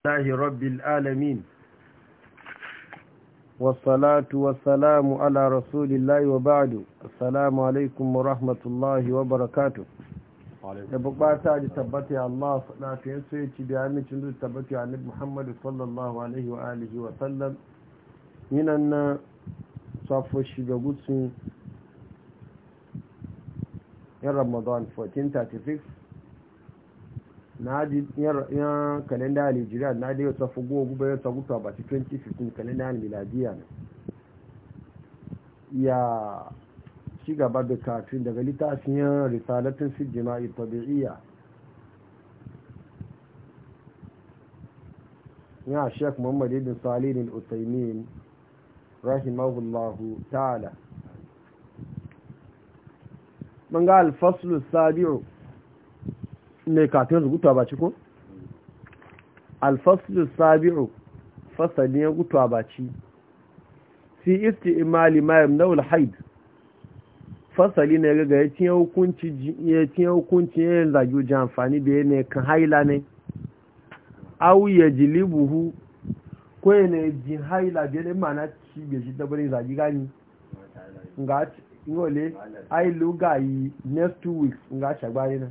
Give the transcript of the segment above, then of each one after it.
الله رب العالمين والصلاة والسلام على رسول الله وبعد السلام عليكم ورحمة الله وبركاته يبقى تعالي تبتي الله صلاة يسويتي بعمل شنو تبتي عن محمد صلى الله عليه وآله وسلم من أن صف الشجاقوس من رمضان 1436 naji ji yan kalenda alijiriya na dai yasa fugo guba bayan sagutu a baci 2015 kalenda miladiya ne ya ci gaba da kafin daga littafin yan risalatin su jima'i tabi'iya ya shek muhammad ibn salih al rahimahullahu ta'ala من قال الفصل السابع ne kafin rubutuwa ba ci ko alfaslu sabi'u fasali ya gutuwa ba ci fi isti imali mayam na ulhaid fasali ne gaga ya cinye hukunci ya cinye hukunci ya yin zagi ji amfani da ya ne kan haila ne au ya hu? ko ya ne ji haila da ya mana ci bai shi dabarin zagi gani nga ci ngole ai lugayi next two weeks nga na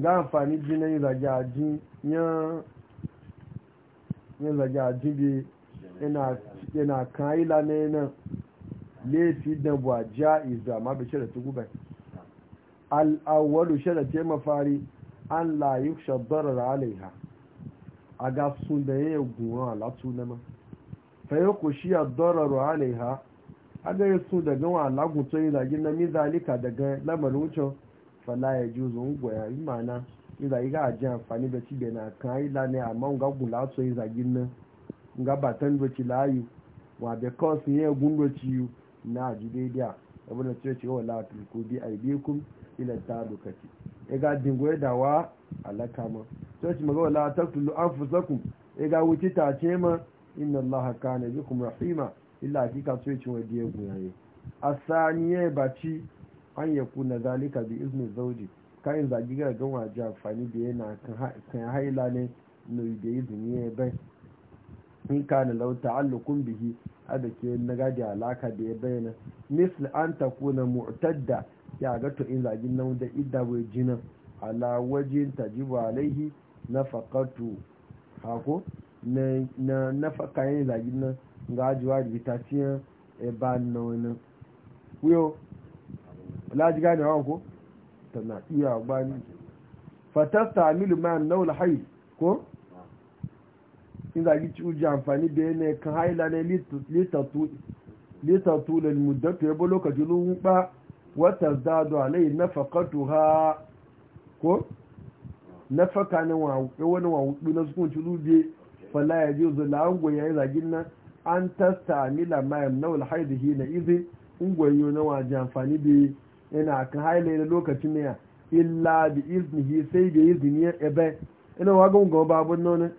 ga amfani ji na yin zagaji yin zagaji bi yana kan ila na yana laifi da buwa ja'iza ma bi shirin tugubai al'awwalu shirin ce mafari an layi shabbarar alaiha a ga sun da ya yi guwa latu na ma fayin ku shi a dorarar alaiha a ga yi sun wa alagun lagun tsoyi zagi na mizalika daga lamarin wucin fala ya ji zo ngwa ya yi mana iza yi ga aji amfani da cibe na kan yi lani amma nga gula so yi zagin nan nga batan doci layu wa da kos ne ya gun doci yu na ji ah, daidai a abu da cewa cewa la tulku bi aibikum ila talukati e ga dingo da wa alaka ma cewa ci maga wala taqtulu anfusakum e ga wuci ta ce ma inna allaha kana bikum rahima e illa hakika cewa cewa diye guyaye asaniye baci an ya kuna zalika bi izini zauji kayan zagi ga waje amfani da yana kan haila ne no da izini ya bai in ka na lau ta'allukun bihi a da ke na gadi alaka da ya bayyana misl an ta kuna mu'tadda ya ga to in zagin nan da idda bai jina ala wajin tajibu alaihi na fakatu hako na nafaka yin zagin nan ga ajiwa da bitaciyar eba na wani laji gane wa ko tana iya bani fatasta amilu ma naul hay ko in za ki cuji amfani da ne kan haila ne litatu litatu lil muddatu yabo lokaci lumba wata zado alai ha ko na faka ne wani wa hudu na sukun tulube fala ya ji zula an goya zagin nan an tasta amila ma naul haydihi na izi in goyo na waje amfani da ina kan haile na lokacin ne illa bi iznihi sai da izini ebe ina wagon ga babu nan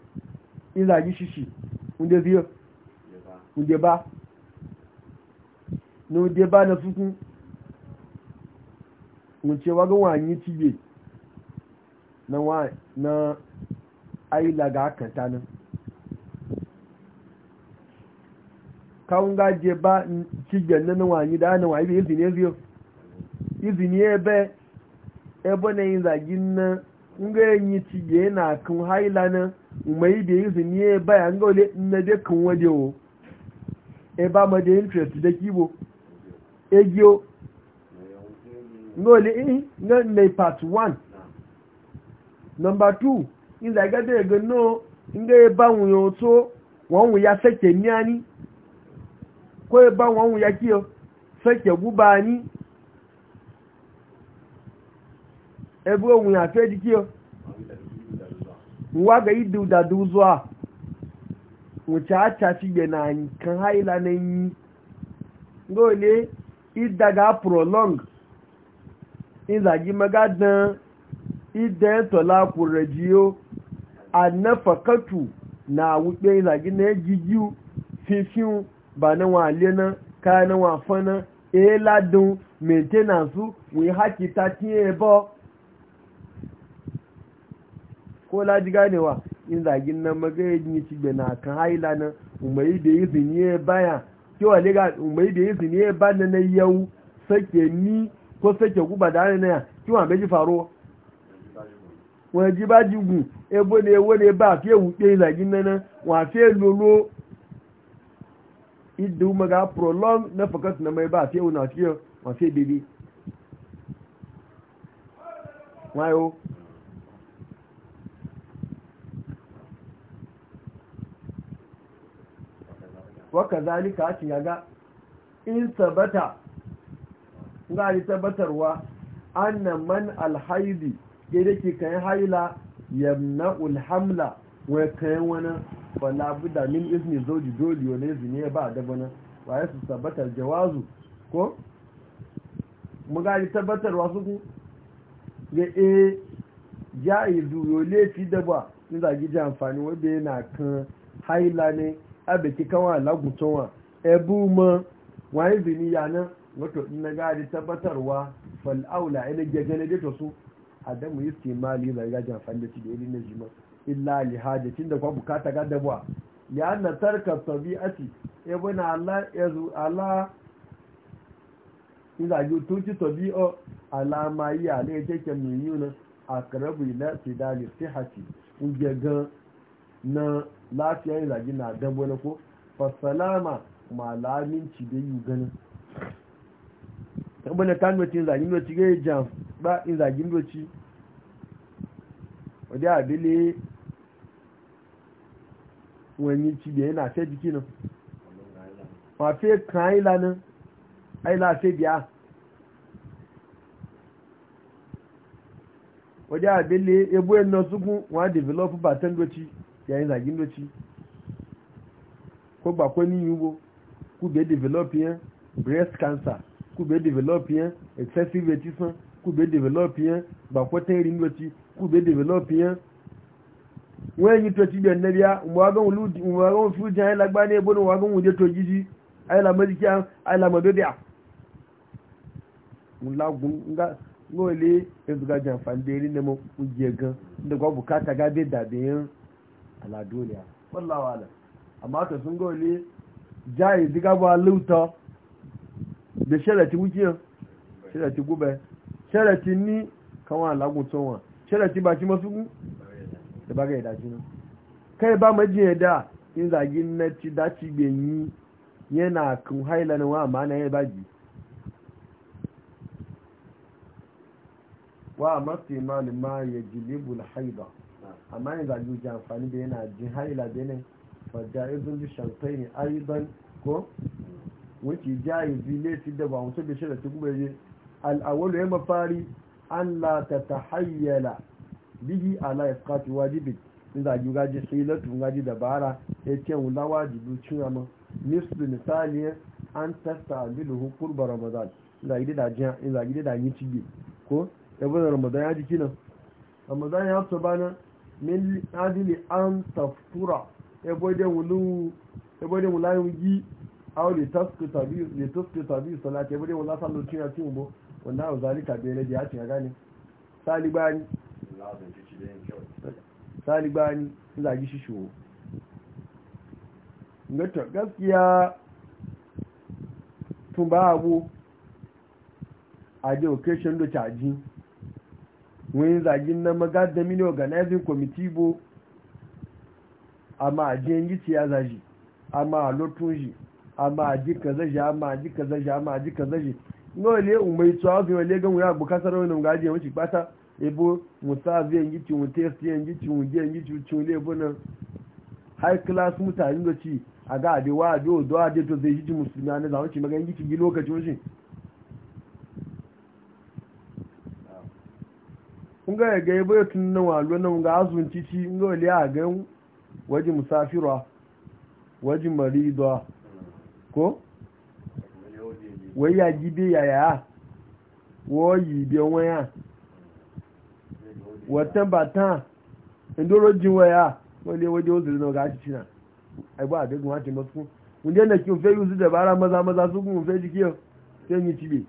in zagi shishi unde ziyo unde ba no de ba na sukun mun ce wagon wanyi tibe na wa na aila ga kanta nan kawun gaje ba cibiyar nan wanyi da ana wayi da izini ya izini ebe ebe na yin zagin na enyi ci na kan haila na mai da izini ebe ya nga ole na kan wade o ebe ma da interest da kibo egyo nga ole nga na part 1 number 2 ga no nga ebe nwuyo otu wọn ya seke ní ani ebe ya seke ebe onwe ya fe jikio nwa ga idu dada ụzọ a nwụcha achachigbe na anyị ka ha ịla n'enyi nga ole ịdaga prolong ịzagi magadan ide tola kwuru jiyo annafakatu na wukpe ịzagi na ejijiu fifiu ba na wale na kaya na wafana eladun maintenance wee hakita tinye ebe ọ. ko laji ganewa in zagin nan magayin yi cigbe na kan haila nan umaru da izini ya baya kewa lega umaru da izini ya ba na na yau sake ni ko sake guba da na ya kewa meji faro wọ́n jí bá e ebó ni ewó ni bá fi èwù pé ìlàjí náà wọ́n àfi èlòlò ìdúmọ̀gá prolong nẹ́fọ̀kọ́tù náà bá fi èwù náà fi èwù náà fi èbèbè wọ́n yóò waka zalika a yaga in tabbata ga yi tabbatarwa annan man alhaidi ke da ke kayan haila yamna ulhamla wai kayan wani falabuda min izini zoji dole wani izini ba da wani ya su tabbatar jawazu ko? mu ga yi tabbatarwa su ku ga e ya eh, izu yau laifi da ba ni zagi ji amfani wadda yana kan haila ne abeki kawa lagutowa ebu ma wani zini yana wato na gari tabbatarwa fal'aula ina gajene da to su adamu yi kimali zai gajin amfani da ci da iri na jima illa lihajacin da kwa bukata ga dabuwa ya na tarka tabi'ati na ala ya zu ala iza ju tuji ala alama yi ale take mun na akarabu ila sidali sihati ugegan na lafiya yin zagi na dan wani ko fasalama malaminci da yi ganin tabbana ta nuna cin zagin doci ga jam ba in zagin doci wadda abile wani ci da yana sai jiki nan mafi kan aila nan aila sai biya wadda abile ebo yana sukun wa develop ba tan yayin zagin doci ko ba ko ni yugo ku be develop yan breast cancer ku be develop yan excessive vegetation ku be develop yan ba ko tan rin doci ku be develop yan wọ́n yìí tó ti gbẹ̀ nẹ́bíà ìwọ̀n fún jẹ́ àìlágbá ní ẹbọ́n wọ́n gún wùdé tó jíjí àìlàmọ́díkí àìlàmọ́débíà ńlágún ńlọ́ọ̀lẹ́ ẹ̀dùgájà fàndé rí nẹ́mọ́ ń jẹ gan nígbà bùkátà gábé dàbí yẹn ala duniya wallahu ala amma to sun gole jayi diga ba luta da sharati wuce sharati gube sharati ni kawa lagun tonwa sharati ba ki masu da ba ga yada shi kai ba maji yada in zagi na ci daci benyi yana kun hailanin wa amana ya baji wa masu imanin ma ya jilibu na haida amma yanzu a ji amfani da yana jin haila benin faja'izun bi shartaini aidan ko wiki jayizi ne su da ba mutu da shirya ta kuma yi al'awalu ya mafari an la ta ta hayyala bihi ala ya fukati wajibi in za yi gaji hilatu gaji dabara ya ce wula wajibi cewa ma misli misali an tasta abilu hukur ba ramadan in za yi da yi ko ya bada ramadan ya jiki nan ramadan ya ba bana min adili an taftura ebo de wula yin yi aw le taskuta bi salati ebo de wula sallu tiya ti mo ya tiya gani saligbani saligbani zagi shishiwo ngato gaskiya tun ba abu a de occasion do charging wani zagin na magadda mini organizing committee bo amma a jiyan yi ya zaji amma a lotun shi amma a ji ka zaji amma a ji ka zaji amma a ji ka zaji ina wale umai tsawa zai wale gan wuya kasar wani ga ajiye wacce bata ebo musa zai yi ci wun test yin yi ci wun yi ci ci wule ebo nan high class mutane da ci a ga adewa adewa da adewa zai yi ci musulmi ne za wacce magan yi ci lokaci wacce nga ga yabo tun nan walo nan ga azun cici nga wali a ga waji musafira waji marida ko wai ya gibe ya ya wo yi bi waya wata bata ndoro jin waya wale waje o na ga cici na ai ba da gun wace masu mun da ki fe yuzu da bara maza maza su kun fe jike sai ni cibe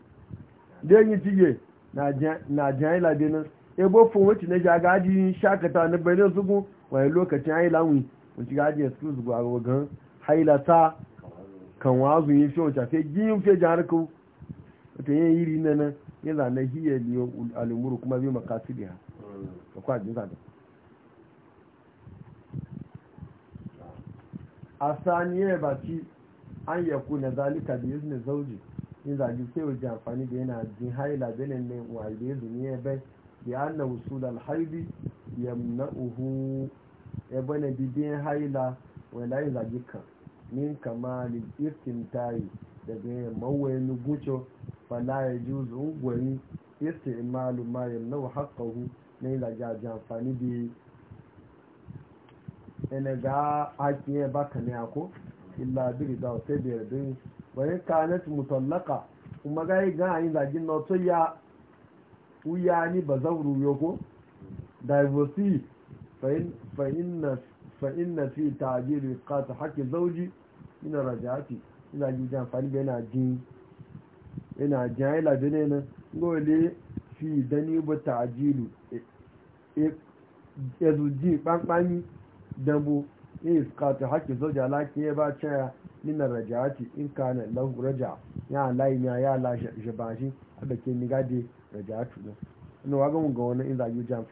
dan ni cibe na jan na jan ila denan ebofin wacce na ja gaji shakata na bayan zugu wani lokacin haila wi wacce gaji ya su zugu a wagan haila ta kan wazu yin fiye wacce sai giyin fiye jihar ku wata yin yiri na nan yin zane hiyar liyo al'umuru kuma zai makasu da ya da hmm. kwajin zane a saniyar ci an ku na zalika da yanzu zauji yin zage sai wajen amfani da yana jin haila benin ne wa da yanzu ne bai لأن وصول الحيض يمنعه ابن بدين حيلة ولا يزاجك من كمال الاستمتاع daga mawayin gucho fala ya ji zungwari yasta imalu ma yamna wa haƙahu na yin zajaji amfani da yana ga haƙi ya baka ne ako illa biri da wata biyar din bayan kanat mutallaka kuma ga yi gan ayin zagin na ya uyani ba zan ruyo ko divorcee fa na fi tajiri kata haƙƙin zauji ina rajati ina ji jan fani yana jin yana jin la labi ne nan gole fi dani ba tajiru ya e, e, zuji ɓanɓani dambo ya e, iskata haƙƙin zauji la ya ba caya ina rajati in ka na raja ya layi ya la shabashi abake na ni gade da ja tuno wa gan ga wani in za yi jin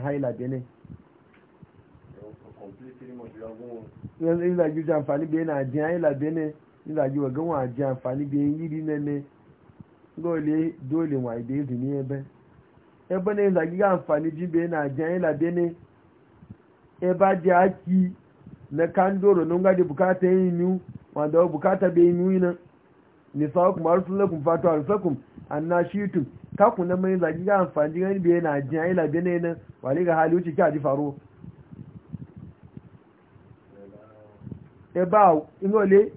haila bai ne yanzu in za yi jin haila bai ne in za yi wa gan wa jin amfani yiri dole dole wa ebe ebe na in za amfani ji bai na jin haila aki na kandoro bukata bukata annashitu ka kakwuna mai zagi ga amfani gani biye na jin ayi labe ne nan wale ga hali wuce kya ji faro eba inole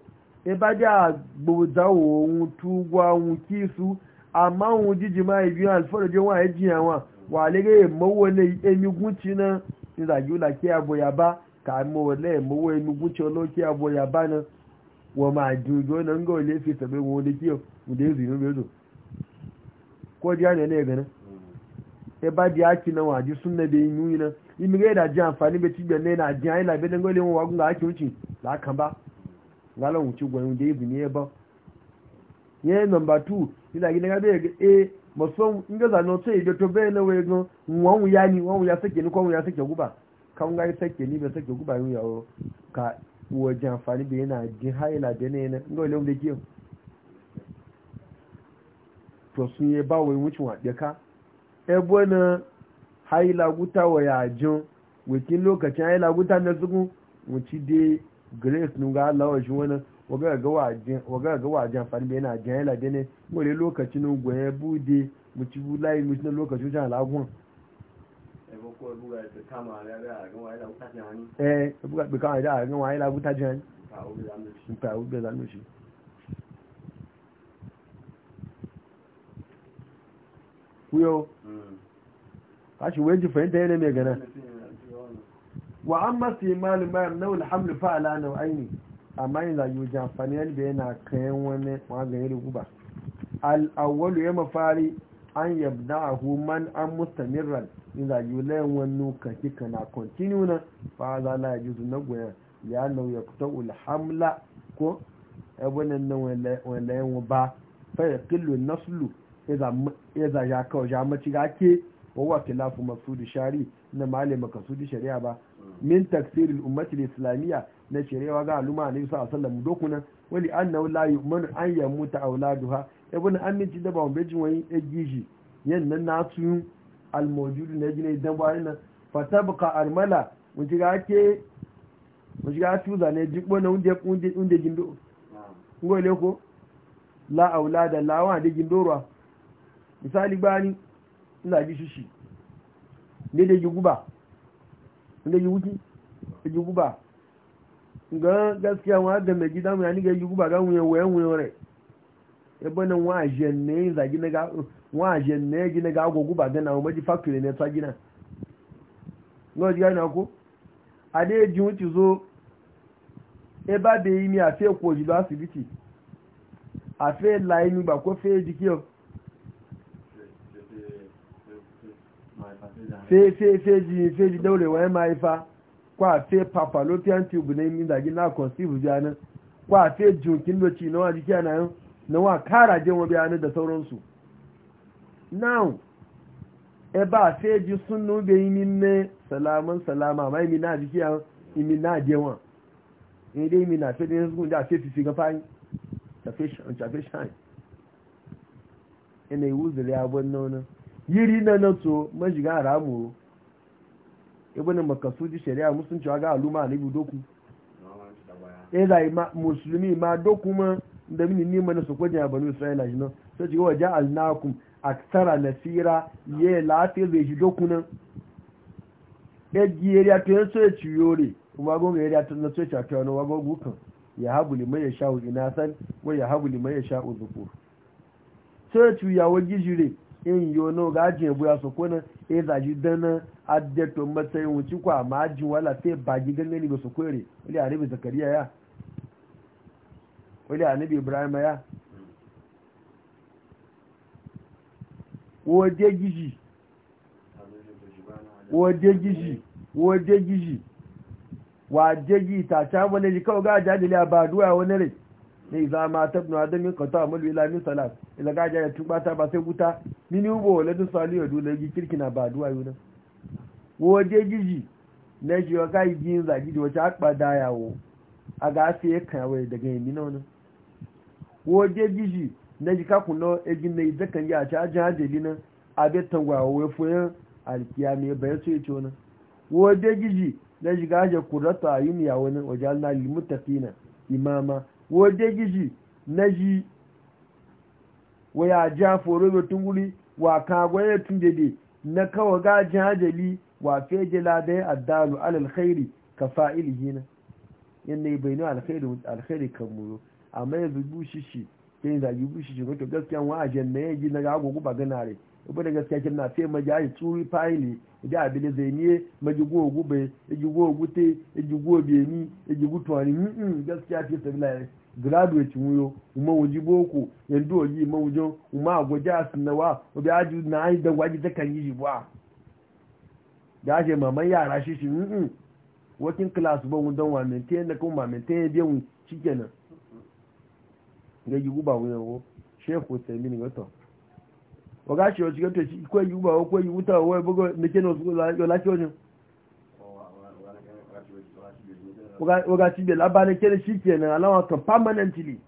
eba ja gboza ohun tugwa ohun kisu ohun jiji ma ibi alfaro je wa ji awon wale ga emowo ne emigun na zagi ula abụọ ya ba ka mo wale emowo emigun ci oloki aboya ba na wọ́n máa ju ojú ọ̀nà ń ilé fi wọn ó ko diya ne ne ganin e ba di ki na waji sunna be yin yi na imi ga e da ji amfani be tibiyar ne na ji ayi labe dan gole wa gunga ake wuce la kan ba ngalan wuce gwanin da ibi ne ba ye number 2 ila gina ga be e maso nga za no to be na we go won ya ni won ya ni ko won ya sake guba kan ga sake ni be sake guba yin yawo ka wajen amfani be ji ne na gole mu da to sun yi ba wai wucin waɗe ka ebo na haila guta wa yajin wikin lokacin haila guta na zugun wuci dai grace nun ga allawa shi wani waga ga wajen fari bai na jan haila bai ne wani lokacin nun gwaye bude wuci bulayi wuci na lokacin wucin alagun eh ebuka bi kama da ga wa haila guta jan ta ubi zamushi kuyo hmm. kashi waje fahimta yana mai gana wa an masu yi malin bayan nau'ul hamlin fa'ala na aini amma yin wajen amfani yadda yana kayan wani maganin guba al'awwalu ya mafari an yabda a human an mustamirar in zagi wajen wani kaki kana kontinu na fa'aza na ya jizu na goyon ya nau ya kuta ulhamla ko ebonin nan wani layan ba fa ya ya za ya kawo ya maci ga ke wawa tilafu masudu shari na male makasudu shari'a ba min taksirin ummatin islamiyya na shari'a ga aluma ne sa sallam dokunan wali annahu la yu'minu an yamuta aminci da ba mu bejin wani egishi yan nan na su almawjudu na gina idan bayan nan fatabqa armala mun ga ke mun ga su zane na unde gindo ngole ko la lawa de misali gbani ina ji shishi daidai ji guba inda ji wuki ji guba ga gaskiya wa ga mai gida mu ya ni ga ji guba ga wuyan wuyan wuyan rai ya e bane wa jenne za gina na no ji ga na ko ade ji wuti zo e ba be yi mi afi ko feji daurewa ya mahaifa kwa fe papalopian tube na imi dagi na conceive jana kwa fe junkin doci na wa jiki ana na wa kara biya biyanin da sauransu now e ba feji sun ga imi ne salaman salama ma imi na jiki a imi na jenwa ne dai imi na feji sun da fe fifi ga fayin tafe shan tafe shan ina yi wuzuri abun nonon yiri na na to majiga haramu ibn makasudi shari'a musulunci aga aluma na ibu doku ɗaya e ma musulmi ma doku ma da mini nima na sokwajin abanu isra'ila shi nan sai shiga waje alnakum aksara nasira ye lafi zai shi doku nan ɗaji e yariya to yin so ya e ciyo re kuma gonga yariya to na so ya cakiwa na wagon gukan ya habu liman ya sha'u inasan wa ya habu liman ya sha'u zukur so ya ciyo ya wajen jire in yi wani ga ajiye buya su kuna ya zaji dana addato matsayin wuci kwa ma aji wala sai bagi gangani ba su kwere wani anabi zakariya ya wani anabi ibrahim ya waje gishi waje gishi waje gishi waje gi ta ta wani ji kawai ga a ba duwa wani rai ne za ma tabnu adamin kata mulwi lamin salat ila tun ba ta ba sai wuta mini ubo wale tun sali odu na gi kirki na badu ayu na wo je giji na ji o ka igi nza gidi wace akpa da yawo a ga afi e kan wai daga yemi na wani giji na kuno egin na idakan ya ta ajin hajjeli na abe tangwa wo ya fuyan alkiya mai bayan su ito na wo je giji e na e ji ga aje imama wo giji na waya ja foro mai tunguri wa kagwaye tun dede na kawo gajin hajjali wa feje ladayin addalu alal khairi ka fa'ili hina yadda bai nuna alkhairi kan muro amma ya zubu shi shi ta yin zagi bushi shi wato gaskiya wa ajen na yaji na gago ba gana rai ibu da gaskiya kina fe maji ayi tsuri fayili da abin zai ne maji go gube ya ji go gute ya ji go ni, ya ji gutuwa ni gaskiya fi sabila graduate wuyo uma wuji boko yanzu oji ma wujo uma gwaje asinawa obi aju na ai da gwaji da kan yi ba da je maman yara shi shi mm working class ba mu don wa maintain da kuma maintain bi mu shikenan ga yi guba wuyo wo shehu taimin goto waga shi o shi ga to shi ko yi guba ko yi wuta wo bugo ne kenan su la yo la shi waga cibe labarin kere shi ke nan alawa kan permanently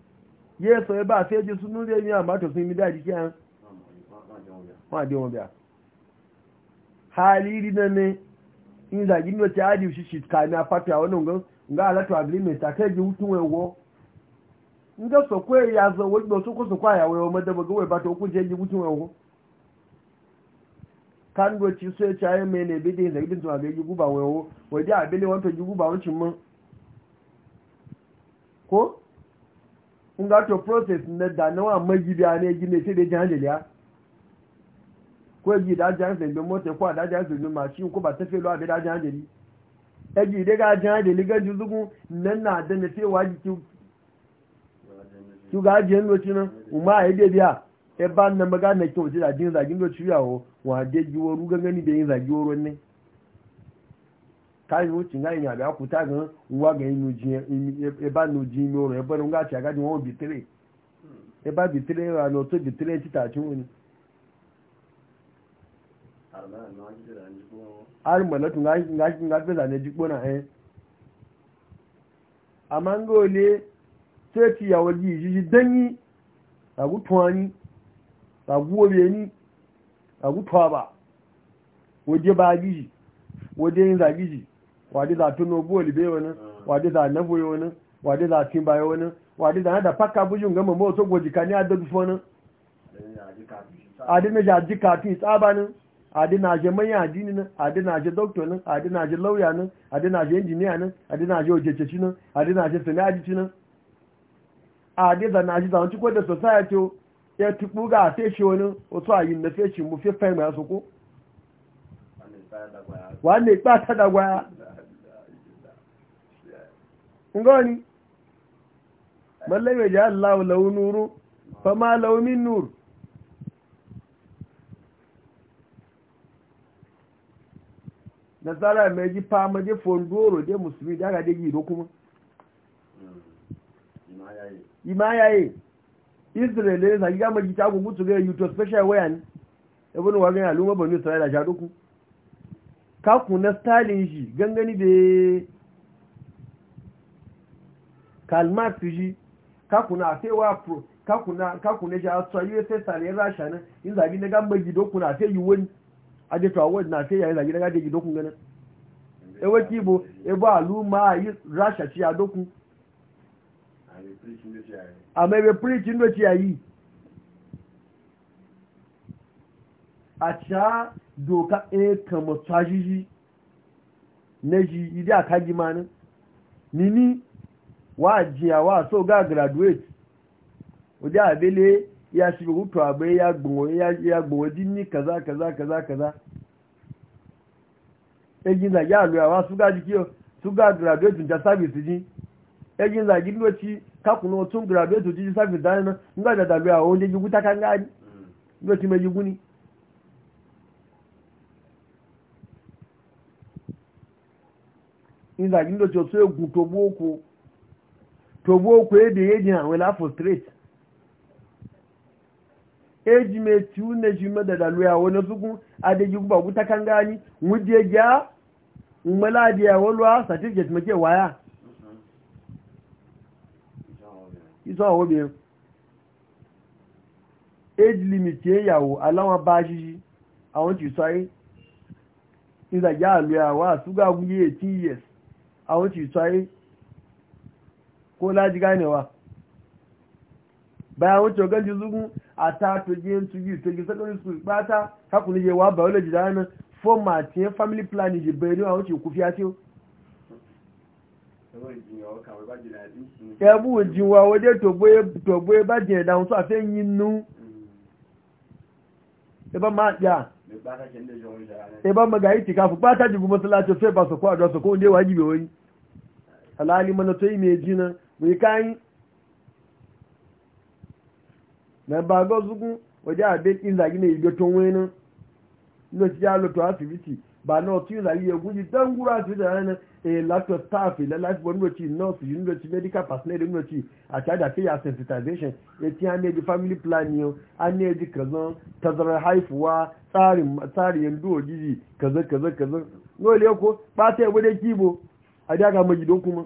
ya so ya e ba a fiye ji sun nuna yi amma ta sun yi daji ke an ma de wọn biya haliri na ne in zagi nuna ta adi shi shi ka na fata wani ngan nga alatu agreement ta kai ji hutun wai wo nga so kwe ya zo wani ba so ko so kwa ya ma wani daba gawai ba ta hukun je ji hutun wai wo kan goci so ya caye mai ne bidin zagi din tun a ga yi guba wai wo wajen abin da wanta yi guba wancin mun ko nga ga to process na a ne gine sai ya ko yi da jihar zai mota ko a da jihar zai mashin ko ba ta fi lo a bi da jihar jeli ẹgbì ìdẹ́gá jẹ́ ìdẹ́gá jùzúgún nẹ́nà àdẹ́nà tí wà jí kí ó gá na ní oṣù náà ọmọ àìdẹ́ bí i ẹbá nàmọ́gá nẹ́kí òjìdá jí ń zàgí ní oṣù yàwó wọ́n àdẹ́ jíwọ́rú gẹ́gẹ́ níbẹ̀ káyọ̀ ó ti ń gáyìn àbí àkútà gan wá gan inú jin ẹbá nu jin inú ọ̀rọ̀ ẹbọ́n ń gàtì àgájì wọn ò bì tẹ́lẹ̀ ẹbá bì tẹ́lẹ̀ rà lọ tó bì tẹ́lẹ̀ títà tí wọn ni. àrùmọ̀ lọ́tún ńgá fẹ́lá ní ẹjú pọ́nà ẹ̀. àmọ́ ń gòlé tó ti yàwó yìí yìí dẹ́yìn àgùtàn ni àgùwòrè ni àgùtàn àbà wòjẹ́ bá yìí wòjẹ́ yìí. wadi za tuno goli be wani wadi za nabu wani wadi za timba wani wadi za da pakka bujun gama mo to goji kani adda bifona adi na jaji tsaba tsabanin adi na je manya adini nan adi na je doctor nan adi na je lawyer nan adi na je engineer nan adi na je ojececi nan adi na je sanaji nan adi za na ji za e wanci ko da society ya tubu ga sai shi wani wasu ayi na sai shi mu fi fahimta su ko wanda ya ɓata ta dagwaya. ngoni mallai mai ja Allah lau nuru fa ma lau min nur nasara mai ji fama je fondoro je musulmi da ga degi do kuma ima yayi israel ne sai ga maji ta ku mutu ga yuto special wayan ibn wagan aluma banu israel a sha duku ka ku na stalin shi gangani da kalmar fiji kakuna fewa pro kakuna kakuna ja so yi fe sare rasha nan in zabi na gamba gido kuna fe yi aje to awon na fe ya zabi na gade gido kun ganin e waki bo e ba lu ma yi rasha ci a dokun a mai be preach ndo ci ayi a cha doka e kama tajiji na ji ide akaji manin nini wa jiya wa so ga graduate oje abele ya shiga hutu abe ya gbo ya ya gbo dinni kaza kaza kaza kaza ejin za ya lo wa su ga dikio su ga graduate nja service ji ejin za gi lo ti kakuno tun graduate ji service dan na nga da da lo awon je jugu ta kan ga lo ti me jugu ni ìdàgí ló ti ọ̀tún ègùn tó gbó oko togbo kwa ede eji ha nwela afọ straight eji meti une ji medada lu ya wani sukun adeji guba guta kan ya wọlwa certificate make waya iso awo biyan age limit yawo alawọn ba ṣiṣi àwọn ti sọ ayé ìdàjá àlúyàwó àsúgbà gúnyé 18 years àwọn ti sọ ayé ko laji ganewa bayan wuce ganci zugun a ta to je to yi to gi secondary school bata haku ni je biology da nan format ye family planning je bayani wa wuce ku fiya ce ẹbú ìjìnwà wọdé tògbó ẹbá jẹ ma tó àfẹ́ yínú ẹbá máa yà ẹbá mọ̀gá ìtìká fún pátájì gúnmọ́sílá tó fẹ́ bá sọ̀kọ́ àjọsọ̀kọ́ òndé wájìbẹ̀ wọ́yí aláàlì mọ́nà tó yí mẹ́ jìnà wikanyi na bago zugun waje abin ɗin zagi ne igoton wani lokaci ya loto asibiti ba na otu yin zagi ya guji don gura asibiti da ranar a lacto staff ila life wani lokaci nurse yi lokaci medical personnel yi lokaci a cada fiye sensitization ya ci an yaji family planning an yaji kazan tazarar haifuwa tsarin yin duwa jiji kazan kazan kazan nole ko ba ta yi wadda kibo a daga majidon kuma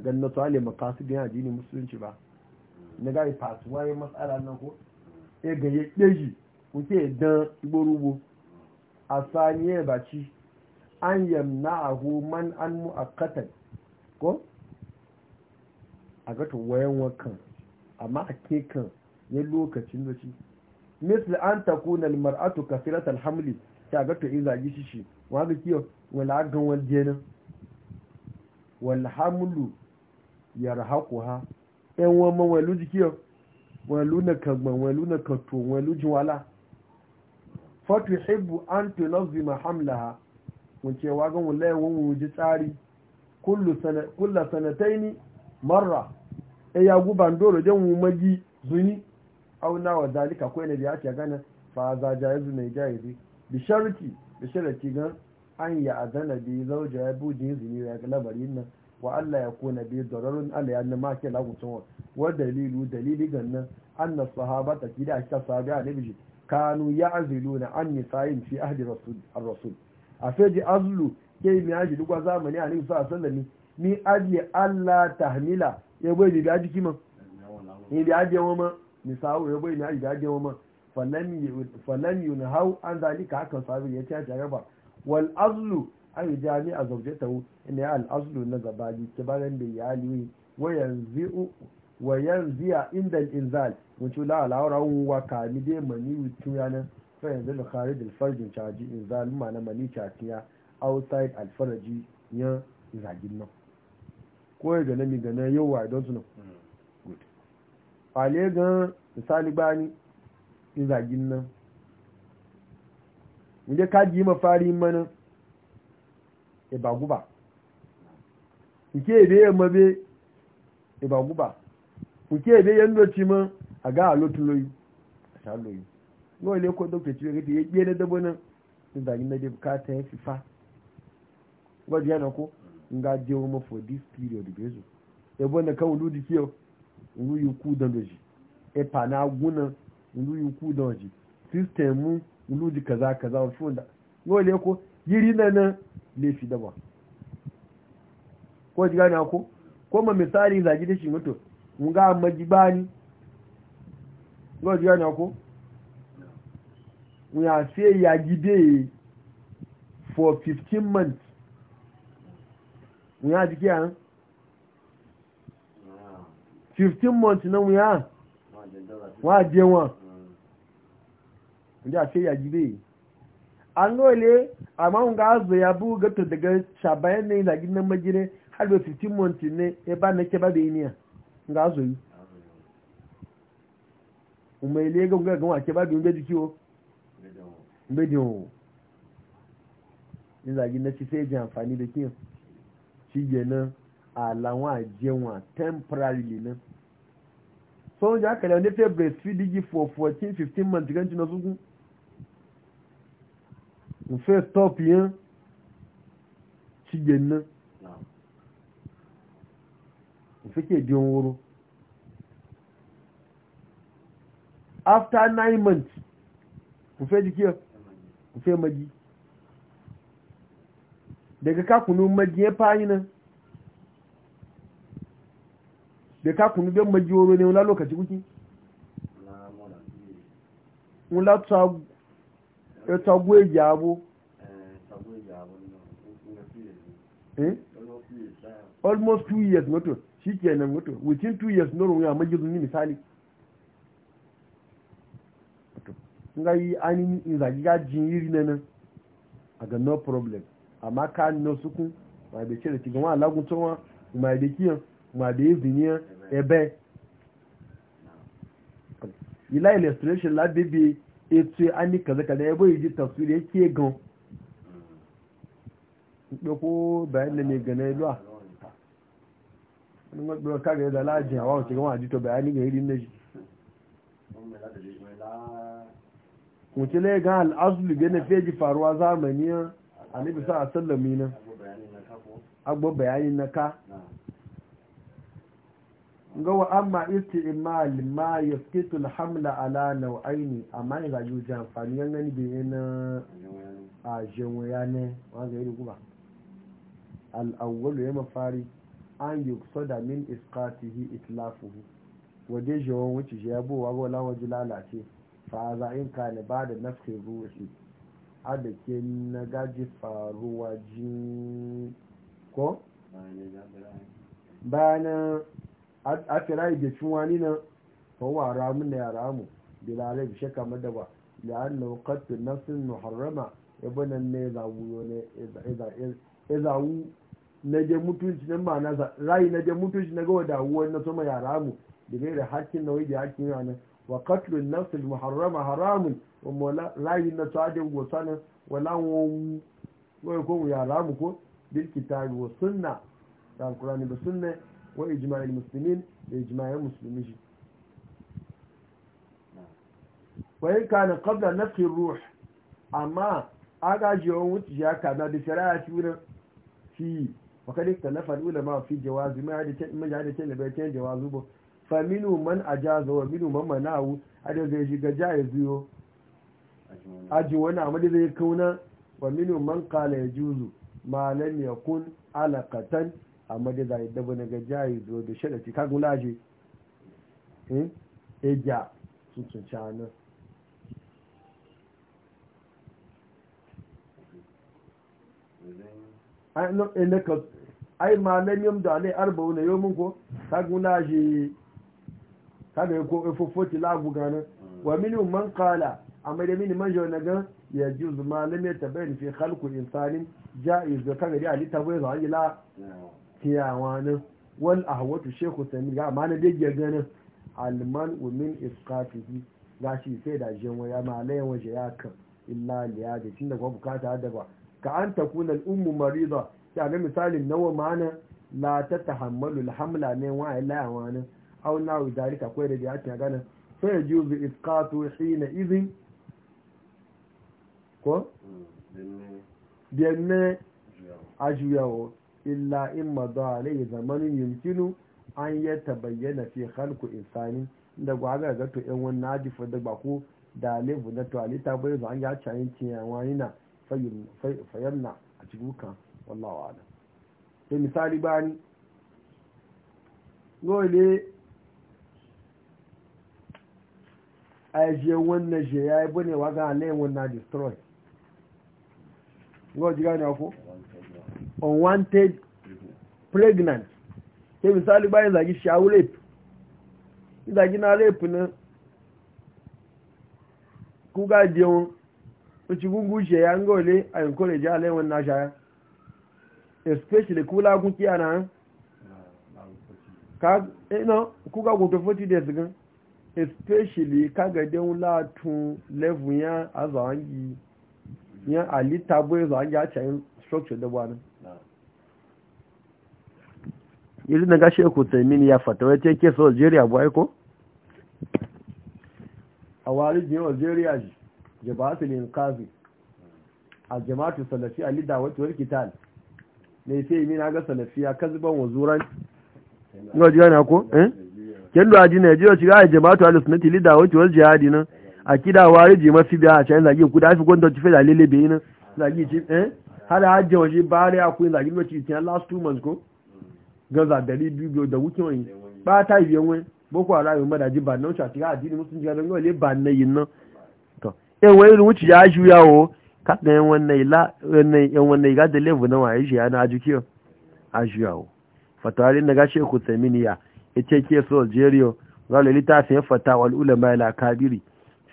na ganin na tsawale makasudin addinin musulunci ba na gari fasuwa ya matsala nan ko e ya ga ya ɗeji kuke dan igborubo a saniye ci an na a man an mu a katan ko a gata wayan wakan amma a kekan ya lokacin da ci misli an takuna mar'atu kafirat alhamli ta gata zagi shi shi wani kiyo wani agan wani jenin wani hamulu yarhaquha en won mo welu jikiyo welu na kagban welu na kato welu jiwala fatu hibbu an tulazima hamlaha mun ce wa gan wallahi won mu ji tsari kullu sana kullu sanataini marra e ya guban doro je mu maji zuni aw na wa dalika ko ne biya ce gana fa za jaizu ne jaizi bi sharti bi sharti gan an ya azana bi zawja bu din zuni ya labari nan wa Allah ya kuna bi dararun Allah ya nima ke lagutun wa dalilu dalili gannan anna sahabata kida ta sahabi annabi kanu ya'ziluna an nisa'in fi ahdi rasul ar-rasul afeji azlu ke mi aji duk zamani annabi sallallahu a wasallam mi aji Allah tahmila ya bai bi aji kima ni bi aji wama misawo ya bai ni aji bi aji yi na hau an zalika hakan sahabi ya ta jaraba wal azlu an yi jami a zauje ta ina ya al'azulu na zabali bayan da wa wayan ziya inda inzal wuce la alawar wa kami dai mani wucin yanar sai yanzu da kare da farjin caji inzal ma na mani cakiya outside alfaraji ya zagin nan ko ya gane mi gane yau wa don suna good ale gan misali bani in zagin nan inda kaji mafari mana ìbàgúbà ìké èdè yẹn mọ́ bí ìbàgúbà ìké èdè yẹn ló ti a àgá àlótú lóyún àṣà lóyún náà ilé kó dókítà tí wọ́n ti yé gbé dédébó náà nígbà yìí mẹ́jẹ̀ káàtẹ́ fífa wọ́n di ẹnà kó nga jẹ́ wọn mọ́ for this period bẹ́ẹ̀zù ẹ̀bọ́ nìkan wọ́n lù di kí ọ wọ́n yìí kú dandojì ẹ̀pà e náà gún náà wọ́n yìí kú dandojì system wọ́n lù di kàzákàzá wọ́n fún un dá náà ilé kó laifi daban ko ji gane ko ko ma misali zagi da shi mutu mun ga majibani ko ji ako, mun ya sai ya gide for 15 months mun ya jike an 15 months na mun ya wa je wa mun ya sai ya gide an gole amma mun ga azu ya bu ga daga shabayan ne da gidan magire har da 15 months ne e ba nake ba da iniya ga azu yi umma ile ga ga gwa ke ba da unbe dikiwo unbe diwo ni da gidan ci sai ji amfani da kin shi kenan alawan ajewa temporarily ne so ja kala ne fe breastfeed gi for 14 15 months ganti na zugun nfe stop yin cigen nan nfe ke biyan wuro after nine months nfe jikiyar nfe maji daga kakunan maji ya fayi nan da kakunan biyan maji wuro ne wula lokaci kuki wula tsagu ya tagu eh? almost two years wato shi ke nan wato within two years na ruwa mai gizo ni misali nga yi ainihin inzagiga jin yiri na nan ga no problem amma ka no sukun ma bai cire cikin wa lagun tsohon ma bai kiyan ma bai ziniyan ebe ila illustration la bebe ce an ni kaza kaza ya bai ji tafsiri ya ke gan ɗoko da da mai gane luwa wani ɗoko kaga ya zala ajiyar wa wace gama ajiyar bayan ni gari na shi wace na ya gan al'azuli gane feji faruwa zamani a nufisa a sallami na agbo bayani na ka ga wa amma isti'mal ma yasqitu al-hamla ala nau'aini amma ni ga yuja amfani yan gani bi a jewo ya ne wa ga yi kuma al-awwal ya mafari an yuqsada min isqatihi itlafuhu wa de wuce je yabo wa ga lawa ji lalace fa za in ka ne ba da nafsi ruhi ada ke na gaji faruwa ko a fira da cin wani nan fawa ramun da ya ramu da lalai kama da ba da an na wakattu nafsin muharrama ibanan na zawu ne zawu na je mutunci na ma na rayi na je mutunci na gawa dawuwar na sama ya ramu da gai da hakkin na wajen hakkin yana wa na sun muharrama haramun kuma rayi na sadin gosanin wala wani ko ya ramu ko bil wa sunna da alkurani da sunna wa ijma'il muslimin da ijma'in musulmi shi wayin kanin kabla nafsin ruh amma agajiyar wuce ya kana da shari'a fi wurin fi wakadai talafar ulama fi jawazi mai hadicin libaitin jawazu ba faminu man a jaza wa minu man manawu adda zai shiga jaye zuyo aji wani amma zai kauna wa minu man kala ya juzu malam ya kun alakatan amma da zai dabo na gajayi zo da shaɗa ci kagun laje eh eja eh, sun sun cana eh, ai ma nan yam da alai arba wani yomin ko kagun laje kaga ya ko efofoti lagu gana wa minimum man kala amma da mini man na gan ya ji zuma lamai tabayin fi halku insanin ja'iz da kaga da alita zuwa ila tiyawa nan wal ahwatu shekhu sami ga ma na dege ganin alman umin iskatihi ga shi sai da jin waya ma layan waje ya kan illa liya da tunda kuma bukata da ba ka an takuna ummu marida ya ga misalin nawa ma'ana la ta tahammalu alhamla ne wa ila wani aw na dalika ko da ya ta gana sai ya juzu isqatu hina idhin ko mm, biyanne ajuyawo illa in mazu alai zamanin yumkinu an yi ta bayyana fi halku insani da gwaga ga to yan wani naji fa da ba ko da lebu na tuwalita bai zuwa an ya wani na fayar na a cikin kan wallawa da ta misali bani dole a wani wannan je ya yi bane wa ga halayen na destroy jiga ne ko? unwanted pregnant ke misali bayan zagi shawu rape zagi na rape na kuga jewon ci gungu ce ya ngole a yankole ji alaiwan na shaya especially kula kuki ana ka ino kuga 40 days gan especially kaga den latun level ya azawangi ya alita boy zawangi a chain structure da yanzu na gashi ku taimini ya fata wai ce kesa algeria bu aiko a wari jiyan algeria ji jama'atu ne kazi a jama'atu salafi a lida wata wani kital ne ce yi mina ga salafi ya kazi wa wazuran yau jiya yana ko eh kendo aji nigeria shiga a jama'atu alusunati lida wata wani jihadi nan a kida wari ji mafi biya a can zagi kuda fi gwanda ci da lele bayi nan zagi ci eh har hajjawa shi bari kuyi zagi mace tiyan last two months ko gaza dari biyu biyu da wuce wani ba ta yi biyan wani boko a rayu madaji ba nan shafi a addini musulunci jiragen gawa ne ba na yi nan to yan e wani wuce ya juya wo ka yan wannan la yan wannan ga da lebu na waye shi ju kiyo a juya wo fatawarin na gashi ku saminiya yace ke so Algeria zalil litafin wa al ulama ila kabiri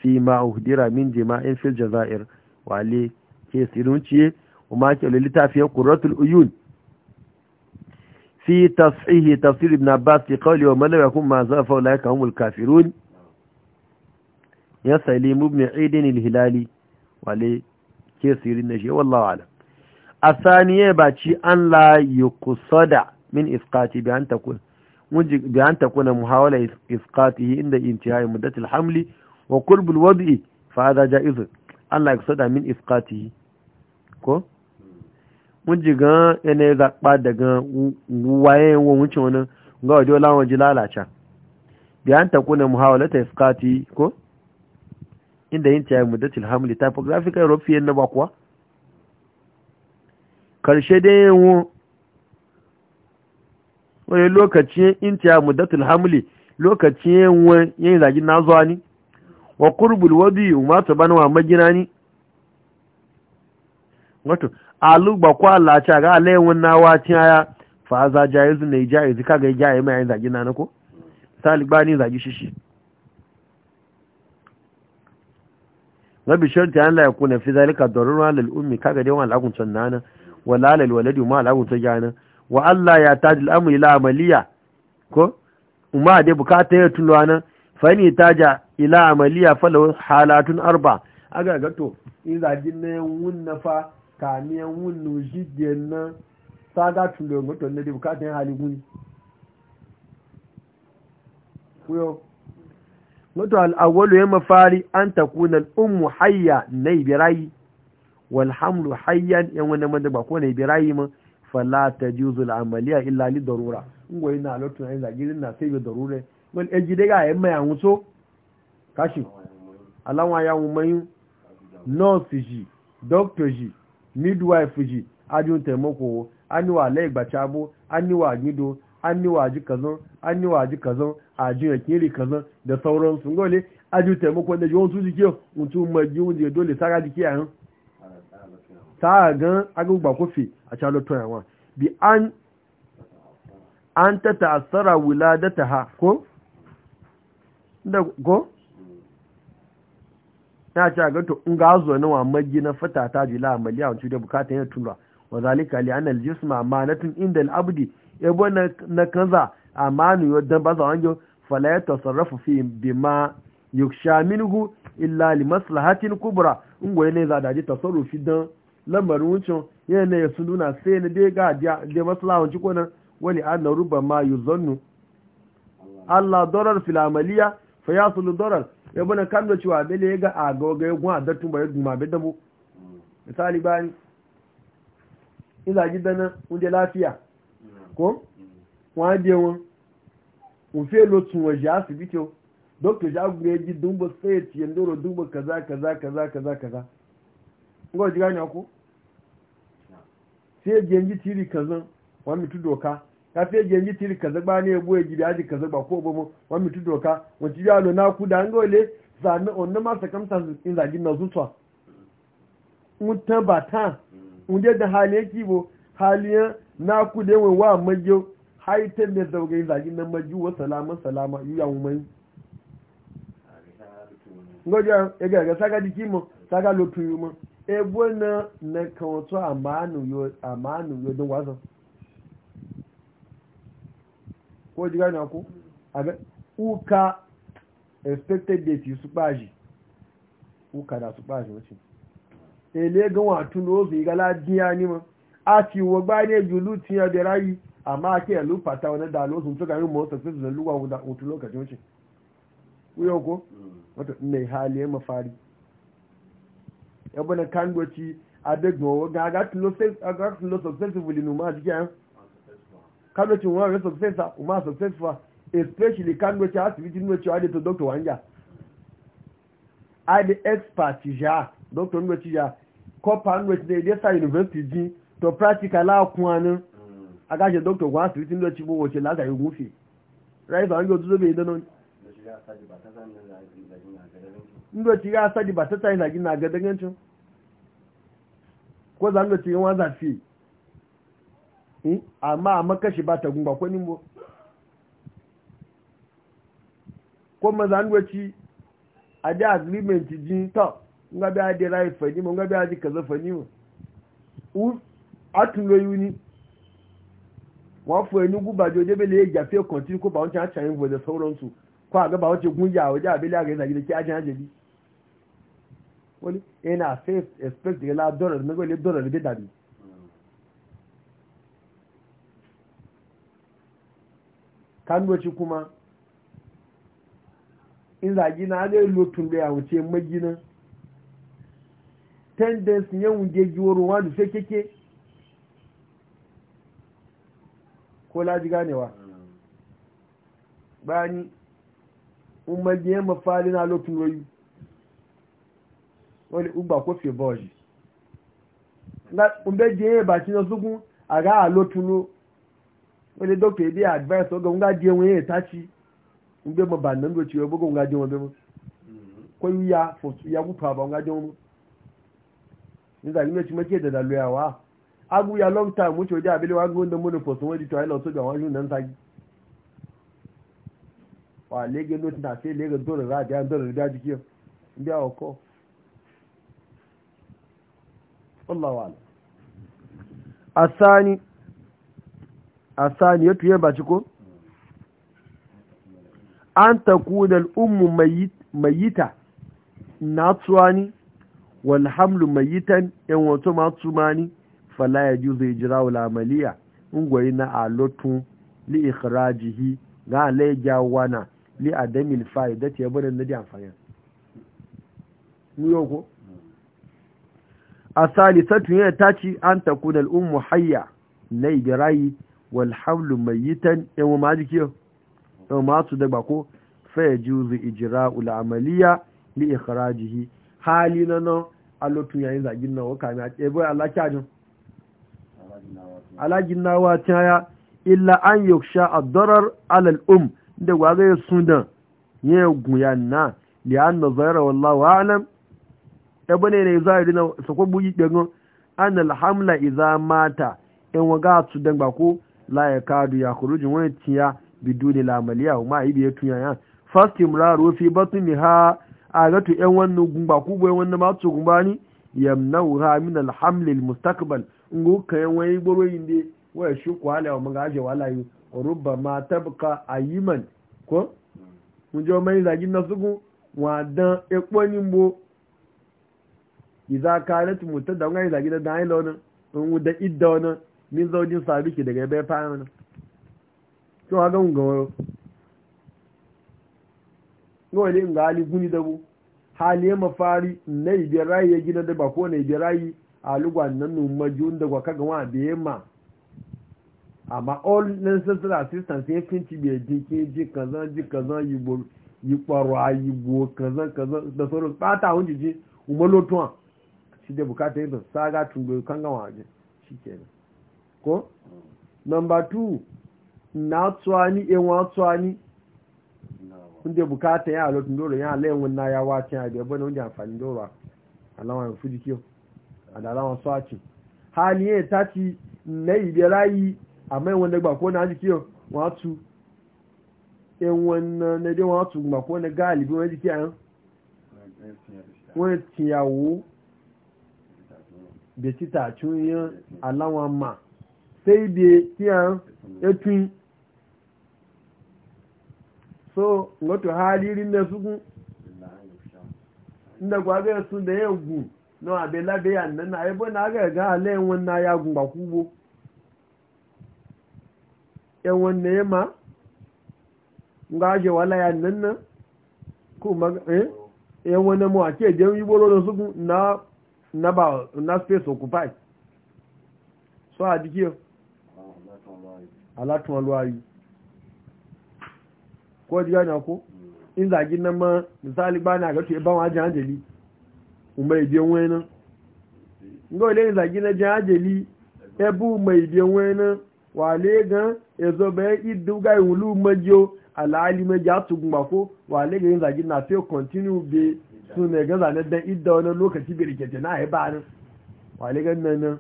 fi ma uhdira min jima'in fil jazair wale ke sirunci Umar, ke litafin kurotul uyun fi tasihi tafsir ibn abbas fi qawli wa man lam yakun ma zafa ulaika ya salim ibn idin al-hilali wale ke sirin nashi wallahu alam asaniye baci an la yuqsada min isqati bi an takun bi an takuna muhawala inda intihai muddat al-hamli wa qurb al-wad'i fa hadha jaiz an la yuqsada min ko wunji gan ene zaɓa daga waye wo wunci wani ga wajo lawon ji lalaca biyan ta kuna ta iskati ko inda yin tiyayi muddatil hamli typographical european na bakuwa karshe dai yin wo wani yin in tiyayi muddatil hamli lokaci yin wo yin zagi na zuwa ni wa kurbul wadi umar ta bana wa magina ni wato alugba ko Allah ce ga alayewun nawa cin aya fa za jayizu ne jayizu kaga jayi mai yin zagi na nako ni zagi shishi nabi sharti an la yakuna fi zalika darurun lil ummi kaga dai wannan lagun can nana wa lalal waladi ma lagun ta gana wa Allah ya ji amri ila amaliya ko umma dai bukata ya tulwana fa ni ja ila amaliya falahu halatun arba aga ga to in zagin ne wunna fa kàmí ẹwùn nù jíjẹ náà sáádà tún lè ọgbọ́n tó nílé bukátẹ́ haligun kúyọ́ mutu al'awwalu ya mafari an takunan Umu hayya na ibirayi walhamlu hayyan yan wani manda ba ko na ibirayi ma fala ta juzu al'amaliya illa li darura ngwai na alotun ayin zagirin na sai bi darure wani yan jide ga yan mayan wuso kashi alawa ya wumayin nurse ji doctor ji midwife ji ajin taimako aniwa yi wa lai gido an ji kazan an yi ji kazan ajin yakiri kazan da sauransu gole ajin taimako da jiwon su jike mutum maji wunje dole sara jike a yan ta gan agagba kofi a charlotte yawan bi an an ta ta'assara wiladataha ko da ko na ce a gato in ga zuwa na wa magi na fata ta jila amaliya wancu da bukatan ya tura wa zalika li anal jisma amanatun inda al'abdi abdi bo na kanza amanu dan ba za wanjo fala ya tasarrafu fi bima yuksha minhu illa li maslahatin kubra in goye ne za da ji tasarrufi dan lamarin wucin yana ne ya sununa sai na dai ga da maslaha ko nan wali anna ruba ma yuzannu Allah darar filamaliya fa ya sulu darar ya bana kan da cewa bele ya ga a gaugaye gun a dattun ba ya guma bai dabo mm. misali bani ila gidana je lafiya mm. ko mm. wa de wa un fe lo tun wa ja asibiti o doctor ja gure ji dumbo sai ti ndoro dumbo kaza kaza kaza kaza kaza ngo ji ganya ko sai je nji tiri kaza wa mitu doka kafe genji tiri kaza ba ne boye gibi aji kaza ba ko bomo wani mutu doka wa ti jalo na ku da ngole zanu onna ma circumstances in zagi na zutwa mutan ba ta unde da hali yake bo haliya e na ku da yawan wa majo haita me zaugai zagi na majo wa salama salama yu yawun mai ngoja ega ga e saka dikimo saka lotu yumo ebo na na kan to amanu yo amanu yo don wazo ko ji gane ku a ga uka expected date su baji uka e, da su baji wace wa ga watun lo bi ga ladiya ni ma a ti wo gba ni julu ti ya de rayi amma ke lu pata wani da lo sun to ga yin mo sa sun luwa wuda otu lokacin wace uyo ko mm. wato mai hali ya mafari yabo na kangoci adegbon ga ga tulo ma numa jikin kano cin wa ga successa uma especially kano asibiti no ci ade to doctor wanja ade expert ja doctor no ci ja ko pan no ci de sa university ji to practical la anu aga je doctor asibiti no ci bo wo ci lada yugun fi right an go tuzo be danon ci sadi ba ta tsayin zagin na gadagancin ko zan ga cikin wa Hmm? amma a makashi ba ta gumba kwanin bo ko a da agreement jin ta nga bi adi rai fani mo nga bi adi kaza fani mo u atun lo yuni wa fo enu guba jo je bele fe ko ba won cha cha yin vo de sauran su ko aga ba won je gun ya o ja bele aga zaji de ki ajan je bi woli ena safe expect de kandoci kuma in zagi na zai lotun da ya wuce maginan tendensi yan wunde giwar ruwa da sai keke ko laji ganewa bani un magiyan mafari na lotun royu wani ugba ko fi bọ́ọ̀jì ǹbẹ́ na ẹ̀bà a ga a lotun àlótúnlóò wani ebe ya advaịs oge nga je ya tashi mgbe bai ma bannan da ciwo nga je wani bai ya fosu ya gutu nga je wani da yimeci ya da daluyawa Agụ ya long time wuce wajen abili ndị wanda mun fosu wani to ai lọ soja wani nan sagi wa lege no ta sai lege na ra da dole da jiki biya wa ko Allah wa'ala asani a saniya tuye ba ci ko an ta kunar umu mayita na ni walhamlu mayitan yan wato matu mani fala ya ju zai jira wa lamaliya ungwayi na alotun li ikhrajihi ga alayya wana li adamil fa'idati ya bada nadi amfani mu ko asali satu yana taci an takuna al ummu hayya na ibrahi wal hawlu mayitan yan ma jikiyo yan ma su da bako fa yajuzu ijra'ul amaliya li ikhrajihi hali na no alotu yayin zagin na waka na ebo Allah kyajin alajin nawa taya illa an yuksha ad-darar ala al-um da gwaga sunan ya guyanna li anna zahira wallahu a'lam ebo ne ne zahiri na sako buyi dangon an alhamla iza mata in waga su dan ko? la ya kadu ya kurujin wani tiya biduni lamaliya ma ibi ya tuya yan fast imraru fi ni ha gatu yan wannan gumba ku boye wannan ma tsu gumba ni yamnauha min in almustaqbal ka yan wani gboro inde waya shi ku hala wa maga aje wala yi rubbama tabqa ayiman ko mun jo mai zagin na sugu wa dan epo ni mbo idza kanat da ngai zagin da dan ilona in da idda wannan min zaujin sabiki daga bai fara wani cewa ga unga ne in ga hali guni dabu hali ya mafari na ibiyar rayu ya gina daba ko na ibiyar rayu a lugwa nan numma jun da kwa kaga wa biye ma amma all necessary assistance ya finci bai jiki ji kazan ji kazan yi kwaro a yi bo kazan kazan da sauran bata hunji ji umar lotuwa shi da bukata yi da saga tungoyi kan gawa a shi kenan ko number two na tswani en eh, wa tswani kunde bukata ya alotun doro ya lewun na ya wace a da bane wanda amfani doro alawan fuji kiyo alawan swaci hali e ya tachi na ibe rayi amma wanda gba na ji kiyo wa tu na dai wa tu na galibi wanda ji kiyan wọ́n ti yàwó bẹ̀títà tún yán ma. sai biye kiyan etun so wato halirin na su inda kwaga sun da ya gu na abin labe yannan na aibo na aga ga halayen na ya gun bakubo yan wannan ya ma ga aje wala yannan nan ko ma eh yan wannan mu ake ah, jan yi boro da su na na ba na space occupy so a dikiyar alatun ọlọ́ayù kọ́ di yánà kó in zagi na ma misali ba na gato ba wajen ajali mai biyan wani ga ile in zagi na jan ajali ebu mai biyan wani wale gan ezo bayan idu ga iwulu majiyo alali maji atugun bako wale ga yin na fiye kontinu be su ne gan zane dan wani lokaci na wale gan nan nan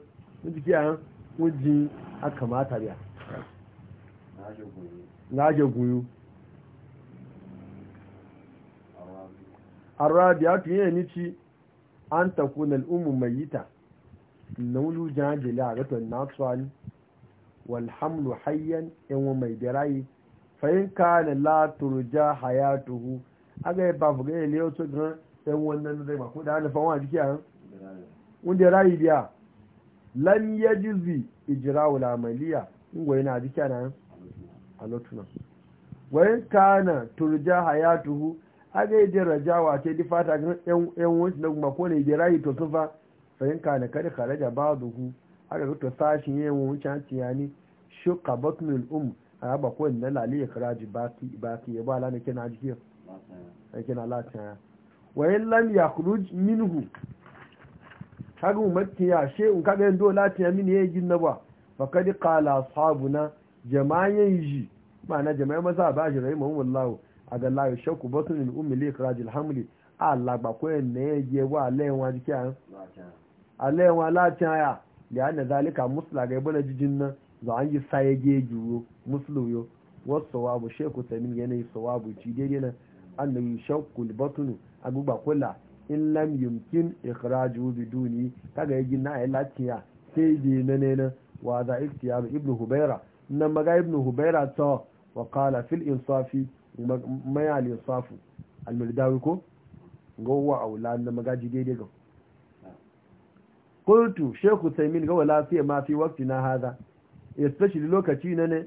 na ajogunyu arabiyatu yana nici an takuna umu mai yita na wulu jajili a gatun nasuwani walhamlu hayyan yanwa mai birayi fahim ka ne laturja hayatuhu aga yi ba fuga ile yau tukun yan wannan zai mako da hannun fawon jiki a yan wanda rayu biya lan yajizi ijira wulamaliya ingwai na jiki a nan a lotuna wayan kana turja hayatuhu aga yi rajawa ce di fata ga yan wancin na kuma kone je rayu to sun fa fayin kana kada ba ba'dahu aga ga to sashin yan wancin tiyani shuqa batnul um a yaba ko na lali ikraji baki baki ya ba la ne kina jiki ya kina lata wayan lam yakhruj minhu kaga ummati ya she un kaga ndo lata ya yi na ba fakadi qala ashabuna jama'an ji ma'ana jama'a maza ba shi rahimu wallahu a ga layu shakku batun min ummi li ikrajil hamli a ba ko ne je wa jiki a an alaiwa lati ya da anna zalika musula ga ibn jijin nan za an yi saye gejuwo musulu yo sawabu sheku tamin yanayi sawabu ci daidai nan yi shakku a agugba kula in lam yumkin ikhraju biduni kaga yaji na ya latin sai yi na ne na wa za ikhtiyar ibn hubaira na maga ibn hubaira ta wa qala fil insafi mai al insafu al mirdawi ko gowa aula na maga ji daidai ga qultu shaykhu taymin ga wala fi ma fi na hada especially lokaci na ne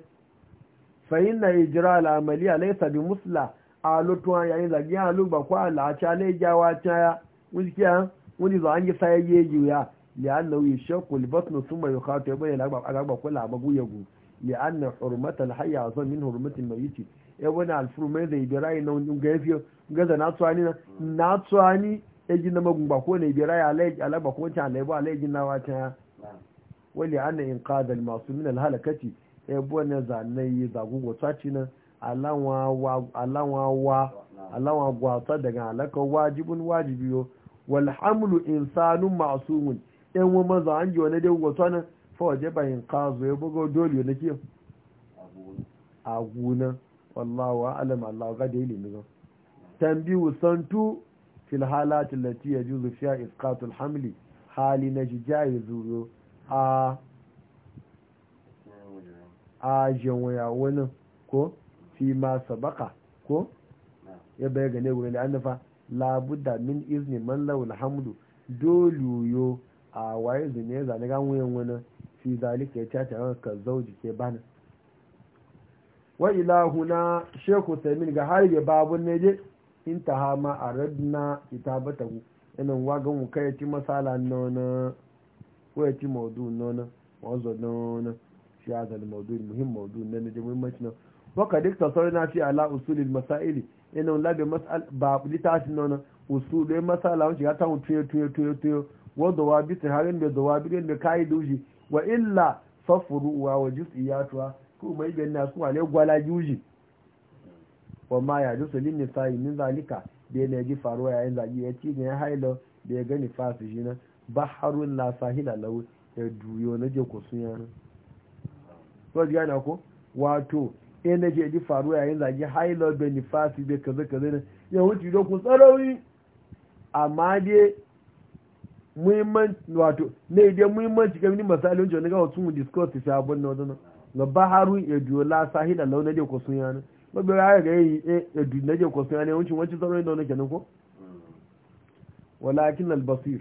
fa inna ijra al amaliya laysa bi musla a lotuwa yayin zagi a lugba ko a lacha ne jawa ya wuskiya wani zo an yi ya juya li'annahu yashqu al batn thumma yukhatu bayna al agba agba kullu abagu yagu li'anna hurmatal hayya azam min hurmatil mayyit e wani alfurmai zai bi rayi na wani ga yafiyo ga zana tsani na na tsani e jin na magungba ko ne bi rayi alai alaba ko ta alai ba alai jin na wata wali anna inqad al masumin al halakati e wani zanai zagugo tsaci na alawa wa alawa wa alawa gwata daga halaka wajibun wajibiyo wal hamlu insanun ma'sumun en wa maza an ji wani dai gwata fawaje bayan kazo ya bugo dole na kiyo a guna wallawa alama allawa ga da ilimi ga tambihu santu fil halati ya yajuzu fiha isqatu al hamli hali yi zuru a a jawaya wani ko fi ma sabaka ko ya bai gane wurin da annafa labuda min izini man lau alhamdu. dole yo a waye zane zane ga wuyan wani fi zalika ya caca an ka zauji ke bana wa ila huna sheku samin ga har ya babun ne je ha ma aradna kitabatahu inan wagan mu kai ti masala nona ko ya ci maudu nona wazo nona shi ya zal maudu muhim maudu nan da muhimmanci nan wa kad iktasarna fi ala usulil masail inan labe masal ba litasin nona usulul masala wanda ya ta tuyo tuyo tuyo tuyo wa dawabi taharin da dawabi da kai duji wa illa fafuruwa wa juz'iyatuwa ko mai ganin na kuma ne gwala juji wa ma ya jusu lin nisa'i min zalika da ne ji faruwa yayin zagi ya ci ne hailo da ya gani fasu shi na baharun da sahila lahu ya duyo na je ku sun yana so ji gana ko wato eh na je ji faruwa yayin zagi hailo da nifasi be kaza kaza ne ya wuce don ku tsarawi amma dai muhimmanci wato ne idan muhimmanci ga mini masalin jona ga wasu mu discuss shi abun na wajen ga baharu edu la sahida launa dai ko sun yana ba bi ga ga yi eh, edu na dai ko sun yana wancin wancin zaron da nake nan ko walakin al basir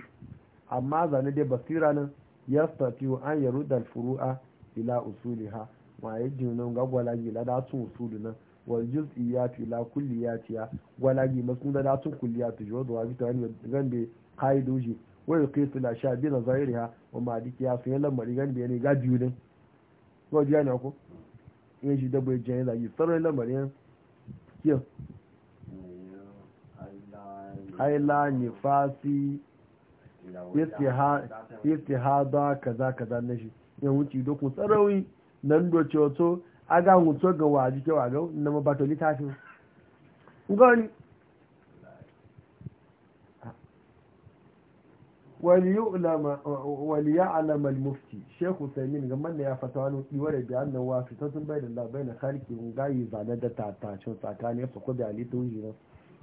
amma zane dai basira nan wa an yaruda al furu'a ila usuliha ma yaji nan ga gwala gila da su usuluna wal juz'iyati ila kulliyatiya gwala gila masu da da su kulliyatu jodo wa bi tawani gambe kaidoji wai kai su sha biyu zahiri ha wa ma diki ya sun yi lamari gani ne ga biyu ne ko ji yana ko in shi da bai jani zagi tsaron lamari yan kiyo haila nifasi istihada kaza kaza na shi yan wuce dokun tsarawi nan doce wato aga wuto ga jike kewa ga na mabatoli tafi gani وليعلم mufti شيخ سيمين ga ne ya fata wani iware da annan wasu ta sun bai da labai na kharki gayi zane da tatacin tsakanin su ko da ali tauji na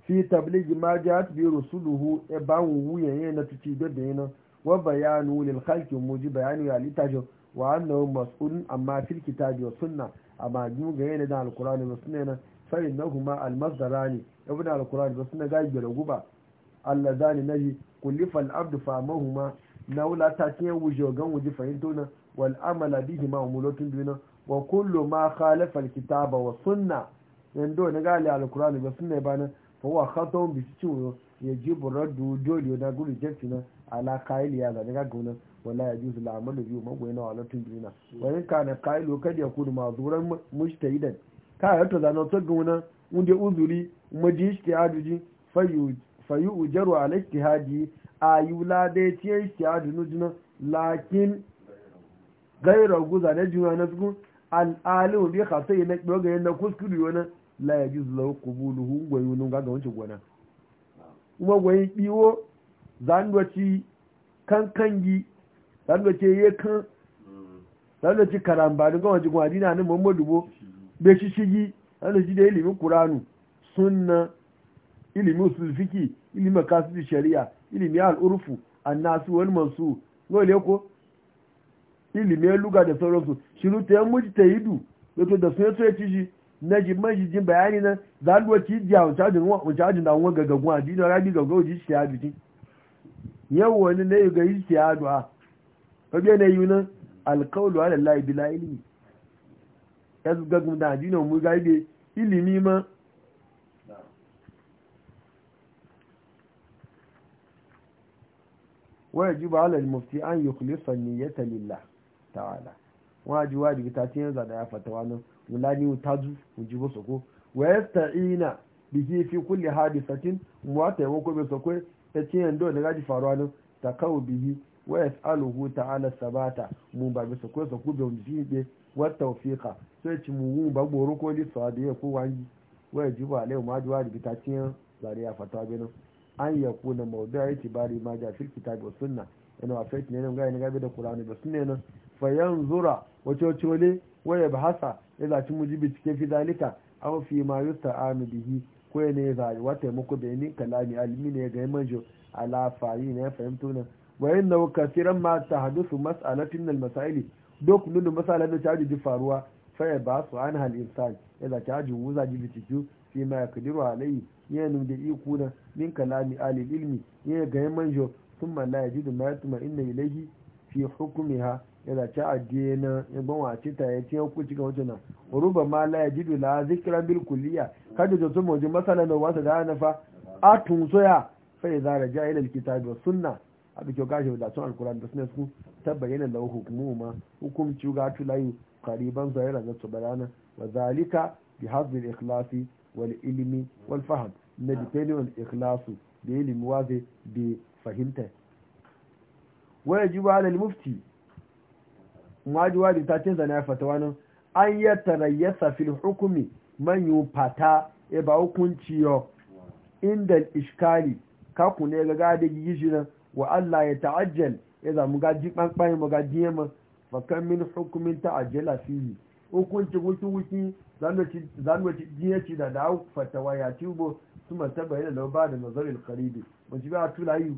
fi tabligi ma ja'at bi rusuluhu e ban wuyan yana tuci da bayana wa bayanu lil khalqi muji bayanu ali tajo wa annahu mas'ulun amma fil kitabi suna sunna amma ju ga yana da al'kurani da sunna fa innahuma al masdarani ibn alqur'ani da sunna gayi da guba allazani naji kullifa al'abdu famahuma na wula ta tiye wujo gan wuji fahimto na wal amala bihi ma umulotun biyu wa kullu ma khalafa kitaba wa sunna yando na gali alqur'ani ga sunna ba na fa wa khatawun bi ya yajibu raddu dole na guri jefina ala kaili ya zane gagguna wala ya juzu amalu biyu magwai na walatun biyu na wani ka na kailu kada ya kudu mazuran mujtahidan ka ya ta zana ta guna wanda uzuri maji ijtihadu ji fayu fayu ujaru ala ijtihadi ayula, la dai ci ijtihadi nujuna lakin gaira guza na juna na su al alim bi khasai na doga yana kuskuri wona la yajuzu lahu qubuluhu wa yunun ga wancan gona kuma goyi biwo zandoci kankangi zandoci yekan karamba karambanin ga wancan gona dina nan muhammadu bo be shi shigi zandoci da ilimin qur'anu sunna ilimi usul fiki ilimi kasidu shari'a ilimi al'urfu annasu wal mansu gole ko ilimi luga da sauransu shiru ta yan muji ta yi du wato da sun ya ci na ji man jin bayani nan za a duwa ci ji a wucajin da wani gaggagun a jini rabi gaggagun ji shi ya bikin yau wani na yi ga yi shi ya du'a kabe na yi nan alkaulu ala lai bila ilimi ya su gaggun da jini mu gaibe ilimi ma wajib ala al-mufti an yukhlisa niyyata lillah ta'ala waji waji ta tiyan za da ya fata wannan wulani mutaju mujibu soko wa yasta'ina bihi fi kulli hadisatin muwata ya wako biso ko ya tiyan do da gaji faruwa nan takau bihi wa yas'aluhu ta'ala sabata mu ba biso ko so da wuji be wa tawfiqa so ya ci mu mu ba goro ko li sadiya ko wani wajib ala mu waji waji ta tiyan za da ya fata wannan an ya kuna maudu a bari ma ja fil kitabi wa sunna yana wa fayyaki ne ga na gabe da qur'ani da sunna ne fa yanzura wato chole waya bahasa ya zaci mujibi cikin fi zalika aw fi ma yusta'anu bihi ko ne zai wata muku da ni kalami alimi ne ga manjo ala fayi ne fahimto ne wa inna kaseeran ma tahaddathu mas'alatin min al duk nunu masalan da ta ji faruwa fa ba su an hal insan ya zaci ajin wuza ji bitiku fi ma ya kadiru alayhi ya nu da iku min kalami alil ilmi ya ga manjo sun ma la yajidu ma yatuma inna ilayhi fi hukmiha ya da ta addiyana ya ban wace ta ya ce hukunci ga wajen nan ruba ma la yajidu la zikran bil kulliya kada da tuma wajen masala da wata da na fa a tun soya fa ya zara ja ila alkitabi was sunna abi kyau gashi da sun alquran da sunna su tabbayana lahu hukmu ma hukumci ga tulayu qariban zahira da tabarana wa zalika bi hadhihi ikhlasi wal ilimi wal faham na jitani wal ikhlasu da ilimi waze da fahimta wani ji mufti ta ce zana ya fatawa nan an yi tarayyasa fil hukumi manyan fata e ba hukunci yau inda iskali kaku ne ga gada yi wa Allah ya ta'ajjal ya e zamu gaji ɓanɓayin magaji yamma fakan min hukumin ta'ajjala fiye hukunci wuki wuki zanwaci jiyaci da da fatawa ya ci ubo su martaba yana lauba da nazarin karibi wacce ba a tula yi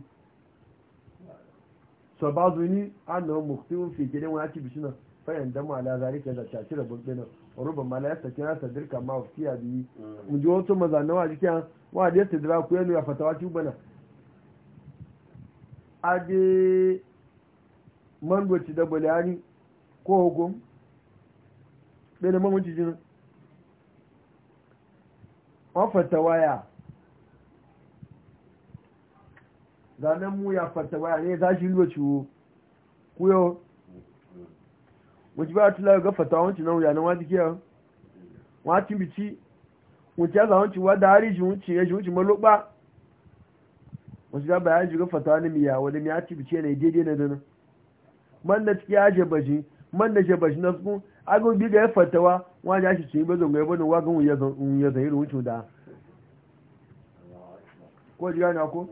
so ba zuni an na muktiun fi gidan wani ci bishina fayan dama ala zarika da shi da burkina ruba mala ya saki na sadir kama a fiya biyu in mm. ji wato mazanawa jikin wa da ya tadira ku yanu ya fatawa ci ubana ade man wace da bulani ko hukum bẹ̀rẹ̀ mọ́ mú ti jínú wọ́n fàtàwáyà zanen mu ya waya ne za shi lura ciwo kuyo wajiba tula ga fàtàwọn ci náà yanar wájí kíyà wọ́n ti bici wọ́n ti azawon ci wádá haríjì wọ́n ci yẹjì wọ́n ci malópa wọ́n ya dábàá yájú ga fata ni miya wani ni ya ti bici yanayi daidai na dana man na ciki ya jabaji man da jabaji na sukun bi ga fatawa wa ja shi cin ce ga zonga ya bane wagon ya zai irin wucin da ko ji ga na ko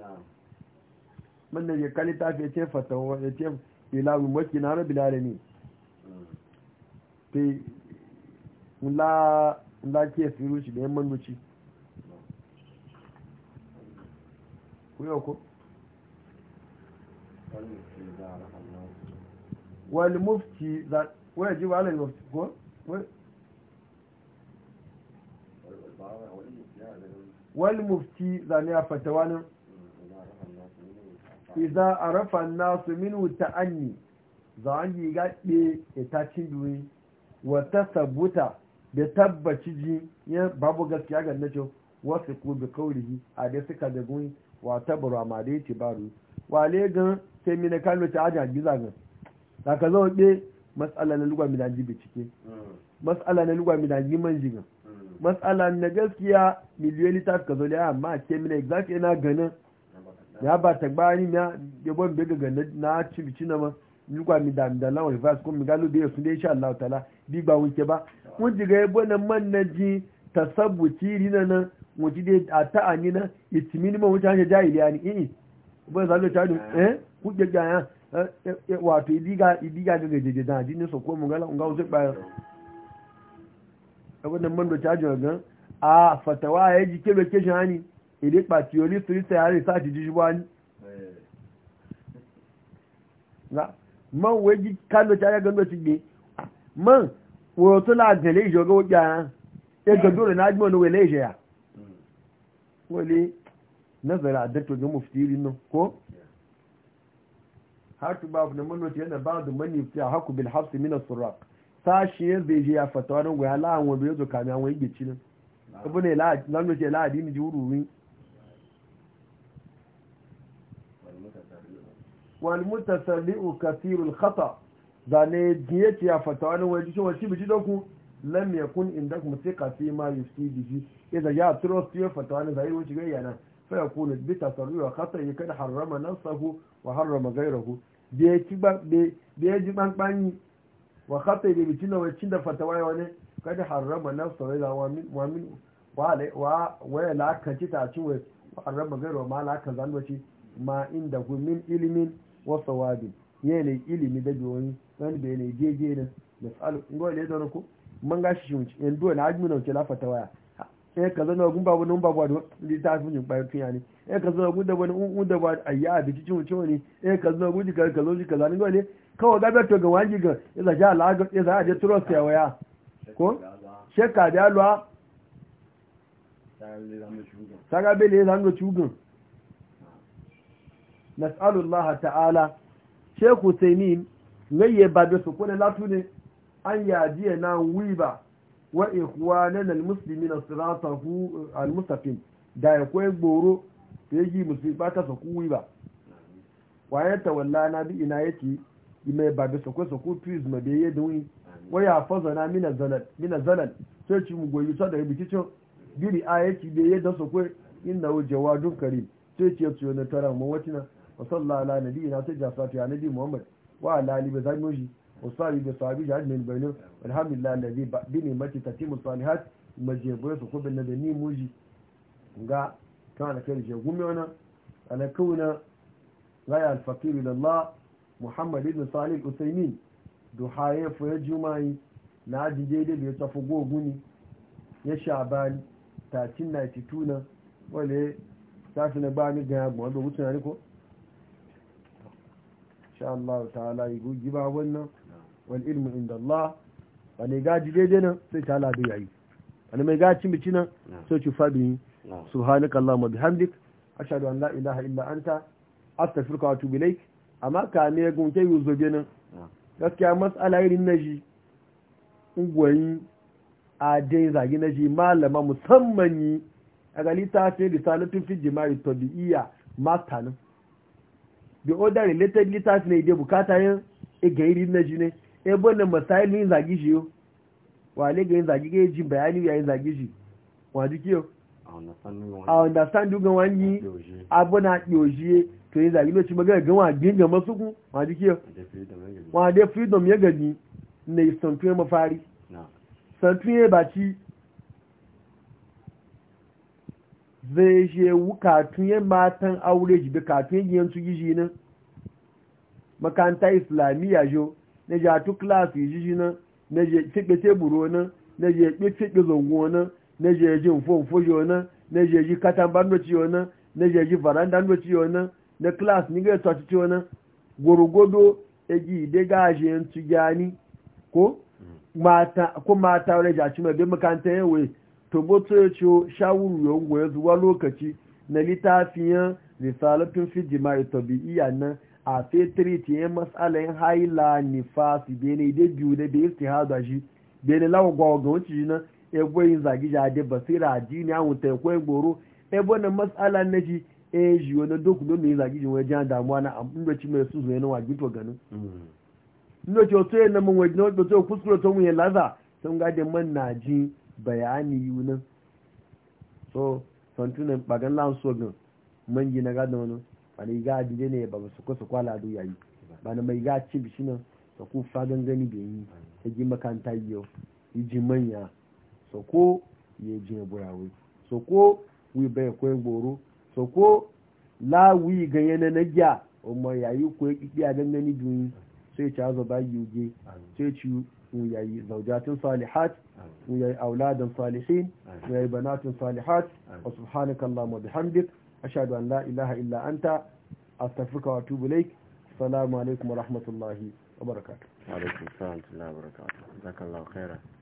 man manna ya kali tafi ya ce fatawa ya ce mu maki na rabi lalani te la ke firu shi da yan manuci ku yau ko? wal mufti voy a llevarle los mufti zaniya fatawanin iza a rafa nasu minu ta anyi za an yi gaɗe ita cin wata sabuta da tabbaci ji ya babu gaskiya ga nace wasu ku bi kauri a da suka da guni wata buru ma da ya ce baru wale gan sai mina kalmata ajiyar gizagan da ka zo ɗe matsala na lugwa midaji bincike mm. matsala na lugwa ji man jiga mm. matsala na gaskiya miliyoyi littafi ka zo da amma ah, ke mina exact yana ganin ya ba ta gbani na yabon bega ga na cibici na ma lugwa midami da lawan reverse ko migalo da yasu da insha Allah ta'ala bi ba wuce ba mun jiga yabon na man na ji tasabbuci rina nan ji dai a ta'ani na itimini ma wuce hanyar jahiliya ni ini ba za ta eh, eh kuke gaya ah. wato idiga idiga daga jeje da addini so ko mun gala unga usai bayan abin nan man do cajo ga a fatawa ya ji kebe ke shani ide pa theory three sai hari sa ti jiji wani na man weji kallo ta ga gando ti gbe man wo to la gele ijo go ja e gando re na ajmo no we le je ya wole nazara adatto ga muftiri no ko hatu babu na manoti yana ba da mani fi a haku bin hafsi mina surra sashi ya zai je ya fatawa don gwaya la'an wanda ya zo kami an wani gici nan abu ne la'adu ce la'adi ni ji wuri wal mutasalli'u kathirul khata zane jiye ce ya fatawa don wani gici wani shi biji doku kun inda kuma sai kafi ma yufti bihi idan ya trust ya fatawa ne zai wuce ga nan. fayakuna bi tasarrufi wa khata'i kad harrama nafsahu wa harrama ghayrahu da ya da ji banbani wa khata'i bi bitina wa cin da fatawa wani kad harrama nafsahu wa wa min wa ya lakaci ta ci wa harrama ghayrahu ma laka zanwaci ma inda hu min ilimin wa sawabi yana ilimi da biyoyi ne jeje ne da man gashi shi yanzu eh kaza na gun babu nun babu da littafin jin bayan tun yani eh kaza na gun da wani un da ba ayya a bici cin cin ne eh kaza ni gole kawai ga beto ga wani ga iza ja alaga iza aje trust ya waya ko sheka da alwa saga bele zan ta'ala sheku taymin ngayye ba da su an na wiba wa ikhwanan almuslimin siratahu almustaqim da ya koyi goro da yaji musulba ta sakuwi ba waye ta wallana bi ina yake ime ba da sako sako tuiz ma bai yadda wani waya fazana mina zalal sai ci mu goyi sa da bikicin biri a yake bai yadda sako inda wu jawadun karim sai ci ya ciyo na tara mawacina wa sallallahu ala nabi ina sai jasa ta nabi muhammad wa ala ali ba zai وصالي بصابي جعل من بينه والحمد لله الذي بنعمته تتم الصالحات مجيبوه سكوب النبني موجي ga kana kai je gumi wana ala kauna la al-faqir ila Allah Muhammad ibn Salih Usaimin duhaye fa jumai na jije da bai tafi goguni ya shaban 1392 na wale na bani ga mu wanda wuce ne ko insha Allah ta'ala yi gugi wal ilmu inda Allah ba ne gaji daidai nan sai ta ala bai yayi wani mai gaci miki nan sai ci fadi subhanaka allahumma bihamdik ashhadu an la ilaha illa anta astaghfiruka wa atubu ilaik amma ka ne gunke yuzo nan gaskiya mas'ala irin naji ungwayi a dai zagi naji malama musamman yi a ta ce risalatun fi jima'i iya mata nan the order related litters ne dai bukata yin igairi e naji ne ebo na masailu yin zagi shi yo wale ga yin zagi ga yi bayani ya yin zagi shi wadu kiyo a understand yugan wani abu na yojiye to yin zagi lokaci magana gan wa gin ga masu kun wadu kiyo wade freedom ya gani na istantuye mafari santuye ba ci zai je wukatunye matan aure jibe katunye yanzu gizi nan makanta islamiyya jo na je atu klasi jiji na na je tikpe teburu na na je kpe tikpe zongo na na je eji mfo mfo yo na na je eji katamba ndoci yo na na je eji varanda ndoci yo na na klasi ni ga to ati yo na gorogodo eji de ga je ntu gani ko mata ko mata wale ji cime be makanta yawe to boto ya e ciwo shawuru yawon goya e zuwa lokaci na littafiyan risalatun fi jima'i e iya nan a fetri ta yi matsalin haila nifasi bene da biyu da bai su haza shi bene lawa gwawa ga wuce na egwe yin zagi jade basira addini a wuta ya kwaye goro ebo na matsala na shi e shi wani doku don mai zagi jin wajen damuwa na amurci mai su zuwa na wagi to ganin mm. ino ce wato yana mun wajen wato wato kuskure to mun yi laza sun gade man na ji bayani yi yunan so santunan bagan lan so gan man gina gadon wani bani ga dide ne ba su kusa kwala do yayi bani mai ga cin bi shine to ku fa gangani da yi ta ji makanta yau yi manya so ko ye ji ne burawe so ko wi bai ko goro so ko la wi ga yana na gya o mo yayi ko yi bi a gangani do yi sai ta zo ba yi ge sai ci mu yayi zawjatun salihat mu yayi auladan salihin mu yayi banatun salihat wa subhanakallahumma bihamdika ashhadu an la ilaha illa anta astaghfiruka wa atubu ilaik assalamu alaikum wa rahmatullahi wa barakatuh wa alaikum assalam wa rahmatullahi wa